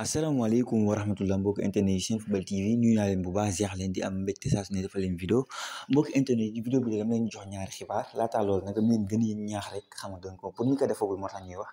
asalaamaaleykum wa rahmatulah mbokki internet yi Senfootball TV nuyu naa leen bu baax jeex leen di am mbégte saa su ne dafa leen vidéo mbokki internet yi vidéo bi jox ñaar xibaar laataa loolu nag am leen a ñaax rek xam nga donc pour ñu ko defagul moo tax ñuy wax.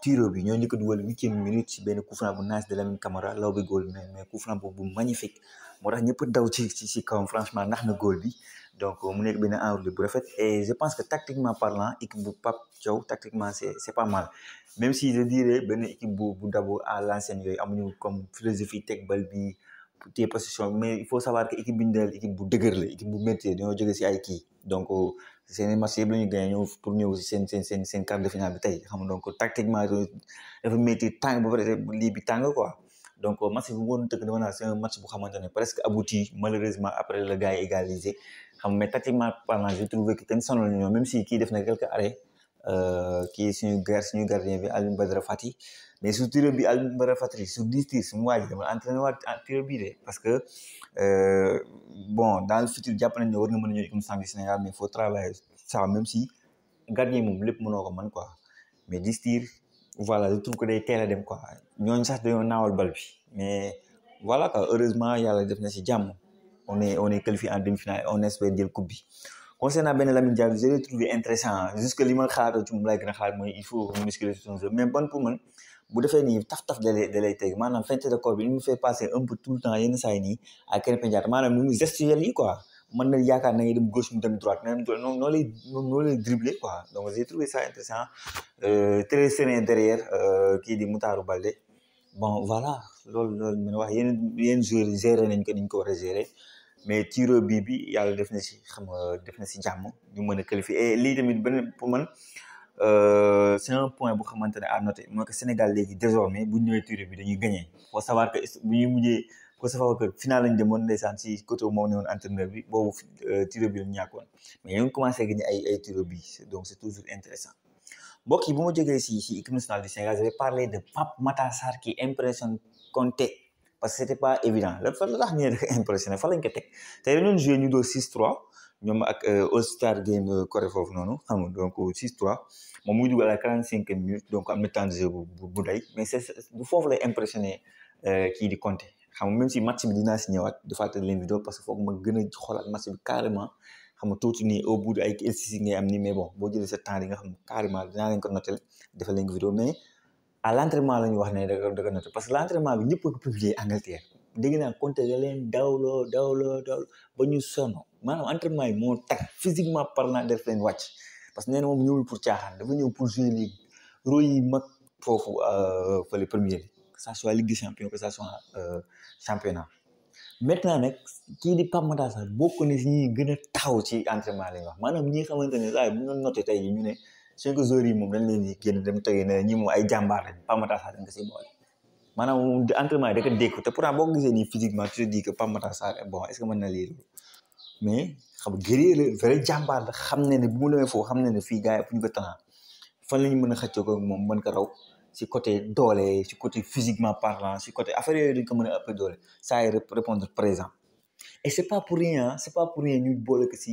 tiro bi ñoo minute ci benn coup bu de mais coup franc magnifique moo tax daw ci ci ci franchement nax na goal. bi donc mu et je pense que tactiquement parlant bu Pap tactiquement c'est pas mal même si je dirais benn équipe bu bu dabo à comme philosophie teg téye position mais il faut savoir que équipe bi ñu dalal équipe bu dëgër la équipe bu métier dañoo jóge si ay kii donc seen i match yëpp la ñu seen seen seen seen quart de finale bi tey xam nga donc tactiquement dafa métti tàng ba pare donc match bi woon tëgg dama naa bu xamante ne presque abouti malheureusement après le gars yi égalisé xam mais tactiquement parlant j'ai trouvé que tamit sonal ñoom même si kii def na quelques arrêts kii euh, suñu gar suñu gardien bi Alioune Badara Fati mais su tiré bi Alioune Badara Fati su dix tir dama entraîné waat bii de parce que euh, bon dans le futur jàpp nañ ne war na mën a ñëw équipe nationale du Sénégal mais il faut travailler ça si gardien moom lépp mënoo ko mën quoi mais dix tir voilà je trouve que day dem quoi ñooñ sax dañoo naawal bal bi mais voilà quoi heureusement yàlla def na si jàmm on est on est qualifié en demi-finale on espère jël coupe bi concernant Ben Lamine je trouvé intéressant jusque li ma ci il faut muscler son mais bon pour taf taf de me fait passer un peu tout le temps yenn les quoi gauche mu dem droite non non dribbler quoi donc j'ai trouvé ça intéressant euh, très serein derrière euh, Moutarou bon voilà wax mais tireur bi bi yalla def na ci xam nga def na ci jamm ñu mën a qualifier et li tamit ben pour man euh c'est un point bu xamantene ne à noter mooy que Sénégal léegi désormais bu ñëwee tireur bi dañuy gagner faut savoir que bu ñuy mujjé faut savoir que final lañ demone ndaysan ci côté mo ne entraîneur bi bobu euh, tireur bi lañ mais ñu commencé gagné ay ay tireur bi donc c'est toujours intéressant mbokk yi bu ma jógee si si équipe nationale du Sénégal je parlé de Pape Matar Sarr qui impressionne Conte parce que c'était pas évident le fa là ni ñu impressionné fa lañ ko teg tey dañu doon ñu doo 6-3 ñoom ak euh, All Star game euh, Corée foofu noonu xam donc 6-3 euh, moom muy dugal à la 45e minute donc am na temps de bu day mais c'est est du foofu lay impressionné qui di Conte xam même si match bi dinaa si ñëwaat defaat leen vidéo parce que foog ma gën a xoolaat match bi carrément xam tout ni au bout de ay LCC ngay am ni mais bon bo jël ce temps yi nga xam carrément dina leen ko noter defal leen ko vidéo mais. à l' entraînement la ñu wax ne da ko da ko noté parce que l' entraînement bi ñëpp ko publier Angleterre dégg naa compté dawloo dawloo dawloo ba ñu sonn maanaam entraînement yi moo tax physiquement parlant def leen wàcc parce que nee na moom ñëwul pour caaxaan dafa ñëw pour jouer léegi rôle mag foofu euh, fële premier que ça soit Ligue des champions que ça soit euh, championnat maintenant nag kii di Pape Matar Sarr bokk na si ñi gën a taxaw ci entraînement la wax maanaam ñi nga xamante ne saa bu ñu noté cinq jours moom dañ leen génn dem toggee ne ñi moom ay jàmbaar lañ Pape Matar Sarr dañ ko siy boole maanaam entraînement da ko dékku te pourtant boo ko gisee nii physiquement na mais xam nga jàmbaar la xam ne ne bu mu demee foofu xam ne ne fii gars a fu ñu ko temps fan la ñu mën a xëccoo ko moom mën ko raw si côté doole si côté physiquement parlant si côté affaire yooyu dañ ko mën a ëpp saa yi répondre présent et c' pas pour rien c' pas pour rien ñu boole ko si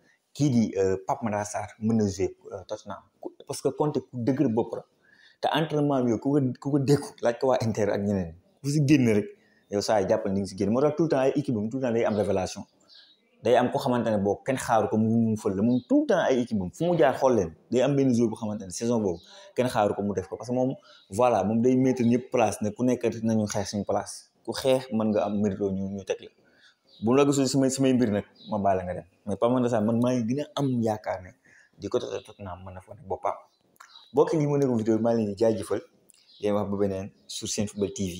kii di euh, Pape Matar Sarr mën na jouer euh, Tottenham parce que Conte ku dëgër bopp la te entraînement bi yow ku ko ku ko waa Inter ak ñeneen ku si génn rek yow saa yi jàppal ni si génn moo tout temps ay équipe am ne boo kenn xaaru ko mu fël la moom tout le temps ay équipe am fu mu jaar xool leen day am benn jour bu xamante saison boobu kenn xaar ko mu def ko parce que moom voilà moom day mettre ñëpp place ne ku nekk nañu xeex suñu place ku xeex mën nga am mérito ñu ñu bu la gisul samay samay mbir nag ma baale nga dem mais Pape Matar Sarr man maa ngi am yaakaar ne di ko toog Tottenham mën na fa ne boppam mbokk yi ma nekkoon vidéo bi maa ngi leen di jaajëfal di leen wax ba beneen sur Senfootball TV.